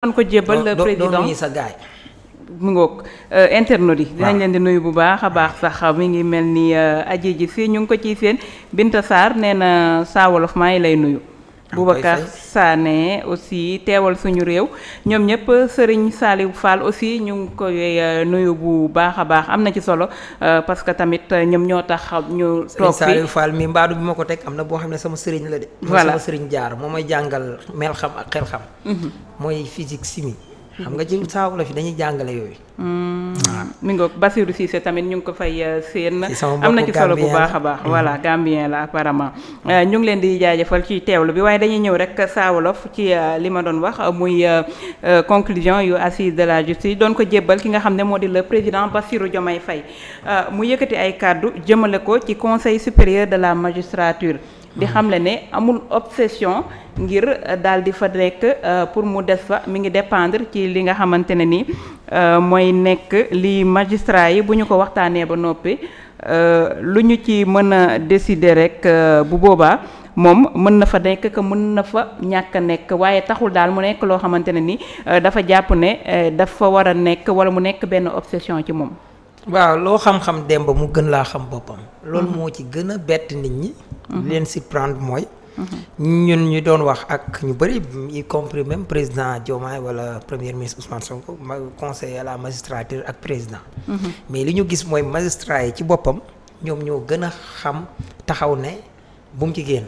kon ko jébbal président sa gaay mu ngoog euh, internautes yi dinañ leen di nuyu bu baax a baax sax mi ngi mel ni euh, aji ji fii ñu ngi ko ci seen Binta saar nee na Saa maa ngi lay nuyu Boubacar Sané aussi teewal suñu réew ñoom ñëpp Serigne Saliou Fall aussi ñu ngi koy euh, nuyu bu baax a baax am na ci solo euh, parce que tamit euh, ñoom ñoo tax ñu. toog fi Saliou mi mbaadu bi ma ko teg am na boo xam ne sama sëriñ la de. voilà sama sëriñ jaar moom mooy jàngal mel xam ak xel xam. Mhm. mooy physique chimie. xam nga ci saabu yi dañuy jàngale yooyu. waaw hmm. ah. mi ngoog Basirou Cissé tamit ñu ngi ko fay euh, seen. am na ci solo bu baax a baax. Hmm. voilà Gambien la apparemment. Euh, ñu ngi leen di jaajëfal ci teewlo bi waaye dañuy ñëw rek Saa Wolof ci euh, li ma doon wax muy conclusion yu assise de la justice doon ko jébbal ki nga xam ne moo di le président Bassirou jomay Faye mu yëkkati ay kàddu jëmale ko ci conseil supérieur de la magistrature. di xamle ne amul obsession ngir euh, daal di fa nekk euh, pour mu des fa mi ngi dépendre ci li nga xamante ne ni euh, mooy nekk li magistrat yi bu ñu ko waxtaanee ba noppi lu ñu ci mën a décider rek bu boobaa moom mën na fa nekk que mën na fa ñàkk a nekk waaye taxul daal mu nekk loo xamante ne ni dafa jàpp ne dafa war a nekk wala mu nekk benn obsession ci moom. waaw loo xam-xam dem ba mu gën laa xam boppam. loolu mm-hmm. moo ci gën a bett nit ñi. Mm-hmm. leen surprendre mooy. Mm-hmm. ñun ñu doon wax ak ñu bëri y compris même président Diomaye wala première ministre Ousmane Sonko ma conseiller la magistrature ak président. mais li ñu gis mooy magistrat yi ci boppam ñoom ñoo gën a xam taxaw ne bu mu ci génn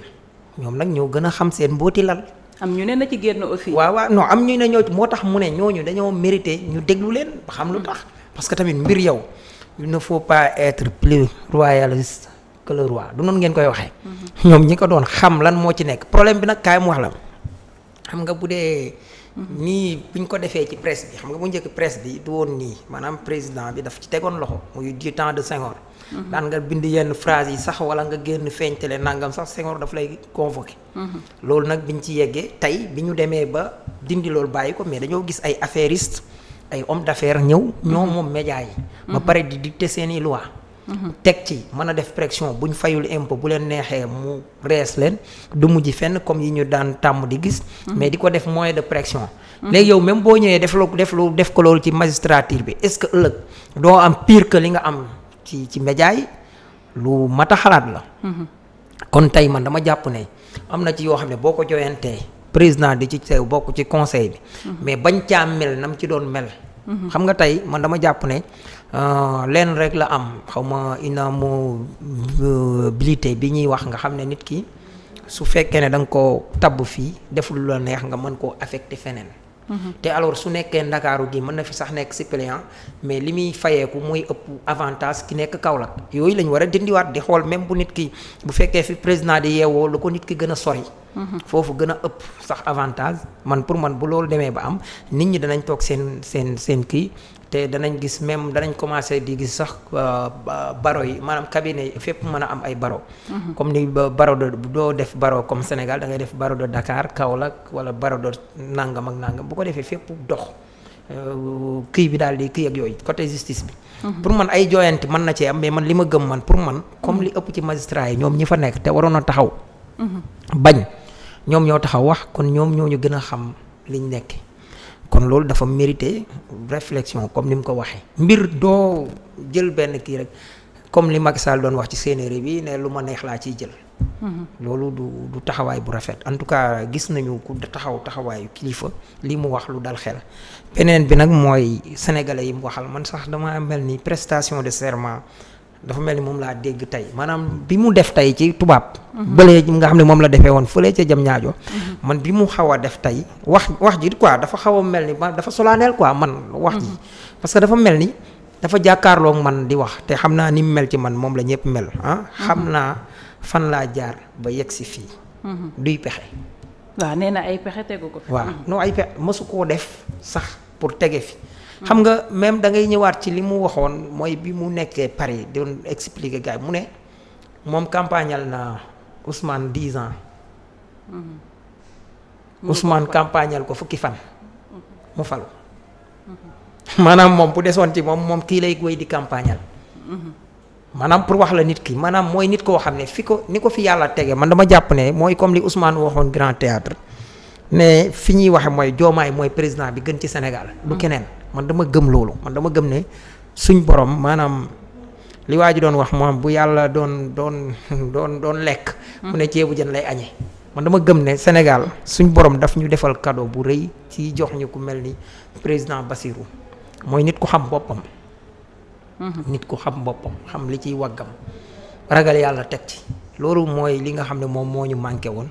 ñoom nag ñoo gën a xam seen mbooti lal. am ñu ne na ci génn aussi. waaw waaw non am ñu ne ñoo moo tax mu ne ñooñu dañoo mérité ñu déglu leen xam lu tax. parce que tamit mbir yow il a faut pas être plus royaliste que la roi du noonu ngeen koy waxee. Mhm. ñoom ñi ko doon xam lan moo ci nekk problème bi nag kaay mu wax la xam nga bu dee. Mhm. nii buñ ko defee ci presse bi xam nga bu njëkk presse bi du woon nii maanaam président bi daf ci tegoon loxo muy du temps de Senghor. Mhm. daan nga bind yenn phrase yi sax wala nga génn feeñtale nangam sax Senghor daf lay convoqué. loolu nag bi ñu ci yeggee tey bi ñu demee ba dindi loolu bàyyi ko mais dañoo gis ay affairiste ay homme d'affaires ñëw ñoo mhm. moom média yi ba mhm. pare di di dicter seeni loi mhm. teg ci mën a def pression bu ñu fayul impôt bu leen neexee mu rees leen du mujj fenn comme yi ñu daan tàmm di gis. mais di ko def moyen de prexion léegi yow même boo ñëwee def lu def lu def ko loolu ci magistrature bi est-ce que ëllëg doo am pire que li nga am ci ci média yi lu mat a xalaat la. kon tey man dama jàpp ne am na ci yoo xam ne boo ko joyantee président di ci teew bokk ci conseil bi. Mhm. mais bañ caa mel nam ci doon mel. Mhm. xam nga tey man dama jàpp ne euh, lenn rek la am xaw ma inamobilité bi ñuy wax nga xam ne nit ki su fekkee ne da nga koo tabb fii deful lu la neex nga mën koo affecte feneen. Mhm. te alors su nekkee ndakaaru gi mën na fi sax nekk suppléant mais li muy fayeeku mooy ëpp avantage ki nekk Kaolack yooyu la ñu war a dindiwaat di xool même bu nit ki bu fekkee fi président di yeewoo lu ko nit ki gën a sori. foofu gën a ëpp sax avantage man pour man bu loolu demee ba am nit ñi danañ toog seen seen seen kii te danañ gis même danañ commencé di gis sax euh, baro yi maanaam cabinet yi fépp mën a am ay baro mhm. comme ni ba baro de doo def baro comme Sénégal da ngay def baro de Dakar Kaolack wala baro de nangam ak nangam bu ko defee fépp dox euh, kii bi daal di kii ak yooyu côté justice bi. Mhm. pour man ay jooyante mën na cee am mais man li ma gëm man pour man. comme mhm. li ëpp ci magistrat yi ñoom ñi fa nekk te waroon a taxaw. ñoom ñoo taxaw wax kon ñoom ñoo ñu gën a xam liñ nekk kon loolu dafa mérité réflexion comme ni mu ko waxee. mbir doo jël benn kii rek comme li Macky Sall doon wax ci séenéeri bi ne lu ma neex laa ciy jël. Mhm. loolu du du taxawaay bu rafet en tout cas gis nañu ku taxaw taxawaayu kilifa li mu wax lu dal xel. beneen bi nag mooy sénégale yi mu waxal man sax dama mel ni prestation de serment. dafa mel ni moom laa dégg tey maanaam bi mu def tey ci tubaab. bële nga xam ne moom la defee woon fële ca jam ñaajo man bi mu xaw a def tey wax wax ji quoi dafa xaw a mel ni man dafa solennel quoi man. wax ji parce que dafa mel ni dafa jàkkaarloog man di wax te xam naa ni mu mel ci man moom la ñëpp mel ah. xam naa fan laa jaar ba yegg si fii. duy pexe. waaw nee na ay pexe tegu ko. waaw non ay pexe mësu koo def sax pour tege fi. xam nga même da ngay ñëwaat ci li mu waxoon mooy bi mu nekkee Paris doon expliquer gars yi mu ne moom campagnal na Ousmane dix ans. Ousmane campagnal ko fukki fan. mu fal maanaam moom bu desoon ci moom moom kii lay goy di campagnal. maanaam pour wax la nit ki maanaam mooy nit koo xam ne fi ko ni ko fi yàlla tege man dama jàpp ne mooy comme li Ousmane waxoon grand théâtre mais fi ñuy waxe mooy joomaay mooy président bi gën ci Sénégal du mm. keneen man dama gëm loolu man dama gëm ne suñ borom maanaam li waa ji doon wax moom bu yàlla doon doon doon doon lekk mm. mu ne ceebu jën lay añe man dama gëm ne Sénégal suñ borom daf ñu defal cadeau bu rëy ci jox ñu ku mel ni président Bassirou mooy nit ku xam boppam mm-hmm. nit ku xam boppam xam li ciy waggam ragal yàlla teg ci loolu mooy li nga xam ne moom moo ñu manqué woon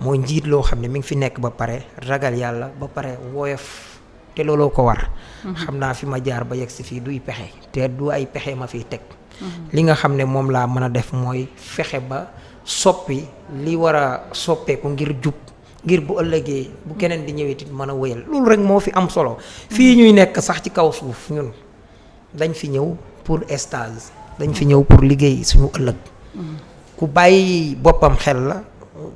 mooy njiit loo xam ne mi ngi fi nekk ba pare ragal yàlla ba pare woyof te looloo ko war. Mhm. xam naa fi ma jaar ba yegg si fii duy pexe te du ay pexe ma fi teg. Mhm. li nga xam ne moom laa mën a def mooy fexe ba soppi li war a soppeeku ngir jub. ngir bu ëllëgee bu keneen di ñëwee it mën a wéyal loolu rek moo fi am solo fii ñuy nekk sax ci kaw suuf ñun dañ fi ñëw pour estage dañ fi ñëw pour liggéey suñu ëllëg mhm. ku bàyyi boppam xel la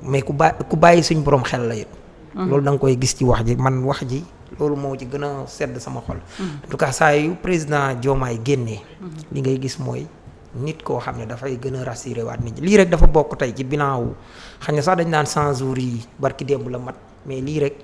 mais ku bàyyi ku bàyyi suñ borom xel lay mm-hmm. loolu da nga koy gis ci wax ji man wax ji loolu moo ci gën a sedd sama xol. Mm-hmm. en tout cas saa yu président Diomaye génnee. Mm-hmm. li ngay gis mooy nit koo xam ne dafay gën a rassuré waat nit lii rek dafa bokk tey ci binaaw wu sax dañ naan 100 jours yi barki démb la mat mais lii rek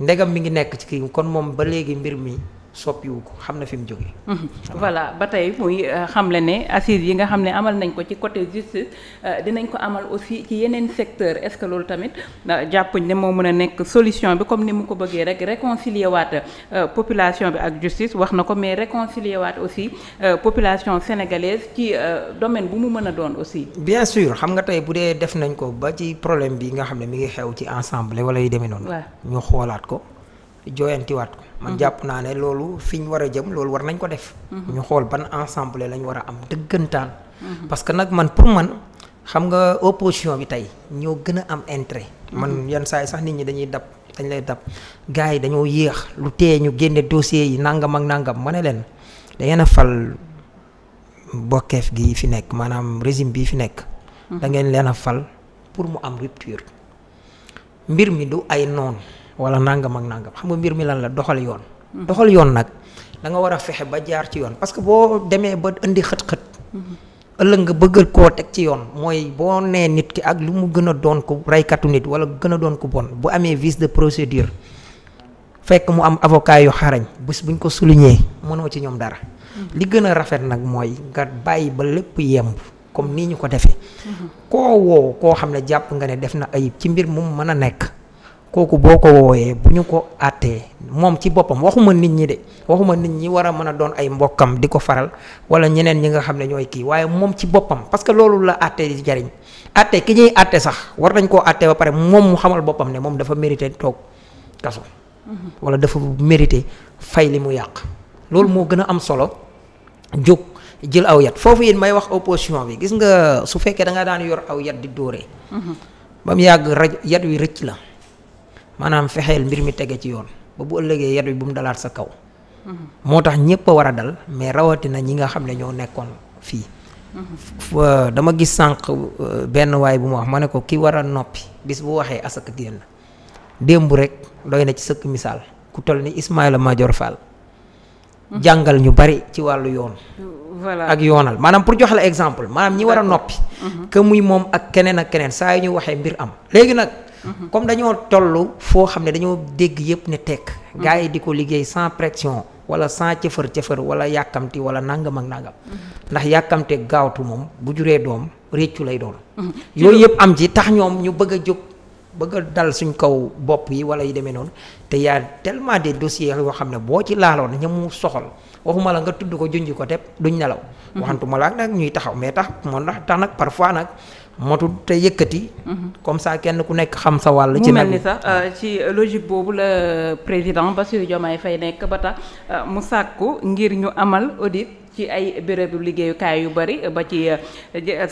ndegam mi ngi nekk ci kii kon moom ba léegi mbir mi. soppiwu ko xam na fi mu jógee. Mhm. voilà ba tey muy euh, xamle ne assises yi nga xam ne amal nañ ko ci côté justice euh, dinañ ko amal aussi ci yeneen secteur est-ce que loolu tamit euh, jàppuñ ne moo mën a nekk solution bi comme ni mu ko bëggee rek réconcilier waat population bi ak justice wax na ko mais réconcilier waat aussi population sénégalaise ci domaine bu mu mën a doon aussi. bien sûr xam nga tey bu dee def nañ ko ba ci problème bi nga xam ne mi ngi xew ci ensemble wala yi demee noonu. ñu xoolaat ko. jooyantiwaat ko. man mhm. jàpp naa ne loolu fi ñu war a jëm loolu war nañ ko def. Mhm. ñu xool ban ensemble lañ war a am dëggantaan. Mhm. parce que nag man pour man xam nga opposition bi tey ñoo gën a am intérêt. man yenn saa yi sax nit ñi dañuy dab dañ lay dab gars yi dañoo yéex lu tee ñu génne dossiers yi nangam ak nangam ma ne leen da ngeen a fal bokkeef gi fi nekk maanaam résime bi fi nekk. da ngeen leen a fal pour mu am rupture. mbir mi du ay noonu. wala nangam ak nangam xam mbir mi la doxal yoon. Mhm. doxal yoon nag da nga war a fexe ba jaar ci yoon parce que boo demee ba indi xët-xët. Mhm. ëllëg nga bëggal koo teg ci yoon mooy boo nee nit ki ak lu mu gën a doon ko reykatu nit wala gën a doon ko bon bu amee vice de procédure fekk mu am avocat yu xarañ bés buñ ko souligner mënoo ci ñoom dara. Mhm. li gën a rafet nag mooy nga bàyyi ba lépp yemb comme nii ñu ko defee. koo woo koo xam ne jàpp nga ne def na ayib ci nekk. kooku boo ko wooyee bu ñu ko àttee moom ci boppam waxuma nit ñi de waxuma nit ñi war a mën a doon ay mbokkam di ko faral wala ñeneen ñi nga xam ne ñooy kii waaye moom ci boppam parce que loolu la àttee di jariñ àttee ki ñuy àtte sax war nañ koo àttee ba pare moom mu xamal boppam ne moom dafa mérité toog kaso mm-hmm. wala dafa mérité fay li mu yàq loolu moo gën a am solo jóg jël aw yat foofu it may wax opposition bi gis nga su fekkee da nga daan yor aw yat di dóoree mm-hmm. ba yàgg raj yat wi rëcc la maanaam fexeel mbir mi tege ci yoon ba bu ëllëgee yet bi bu mu dalaat sa kaw. Mhm. moo tax ñëpp a war a dal mais rawatina ñi nga xam ne ñoo nekkoon fii. Mhm. Euh, dama gis sànq euh, benn waay bu ma wax ma ne ko ki war a noppi bis bu waxee asaka génn démb rek doy na ci sëkk misaal ku toll ni Ismaïla Madior Fall. Mhm. jàngal ñu bari ci wàllu yoon. ak yoonal maanaam pour jox la exemple maanaam ñi war a noppi. que moom ak keneen ak keneen saa yu ñu waxee mbir am léegi nag. comme dañoo toll foo xam ne dañoo dégg yëpp ne tekk gars yi di ko liggéey sans pression wala sans cëfër cëfër wala yàkkamti wala nangam ak nangam ndax yàkkamte gaawtu moom bu juree doom réccu lay doon mhm. yooyu yëpp am ji tax ñoom ñu bëgg a jóg bëgg a dal suñ kaw bopp yi wala yi demee noonu te y a tellement des dossiers yoo xam ne boo ci laaloon ña mu soxal waxuma la nga tudd ko junj ko te duñ nelaw mhm. waxantuma la nag ñuy taxaw mais tax moo tax motu te yëkkati. Mhm. comme ça kenn ku nekk xam sa wàll. ci nag mu mel ni sax euh, ci euh, logique boobu la euh, président ba Bassirou Diomaye fay nekk ba tax mu sàkku ngir ñu amal audit. ci ay bérébu liggéeyukaay yu bari ba ci eh,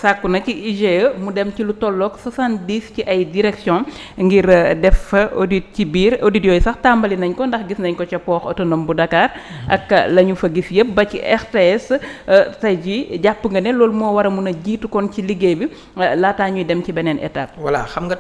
sàkku na ci IGE mu dem ci lu tolloog 70 ci ay direction ngir eh, def audit ci biir audit yooyu sax tàmbali nañ ko ndax gis nañ ko ca port autonome bu Dakar ak la ñu fa gis yëpp ba ci RTS eh, te ji jàpp nga ne loolu moo war a mun a jiitu kon ci liggéey bi laataa ñuy dem ci beneen étape.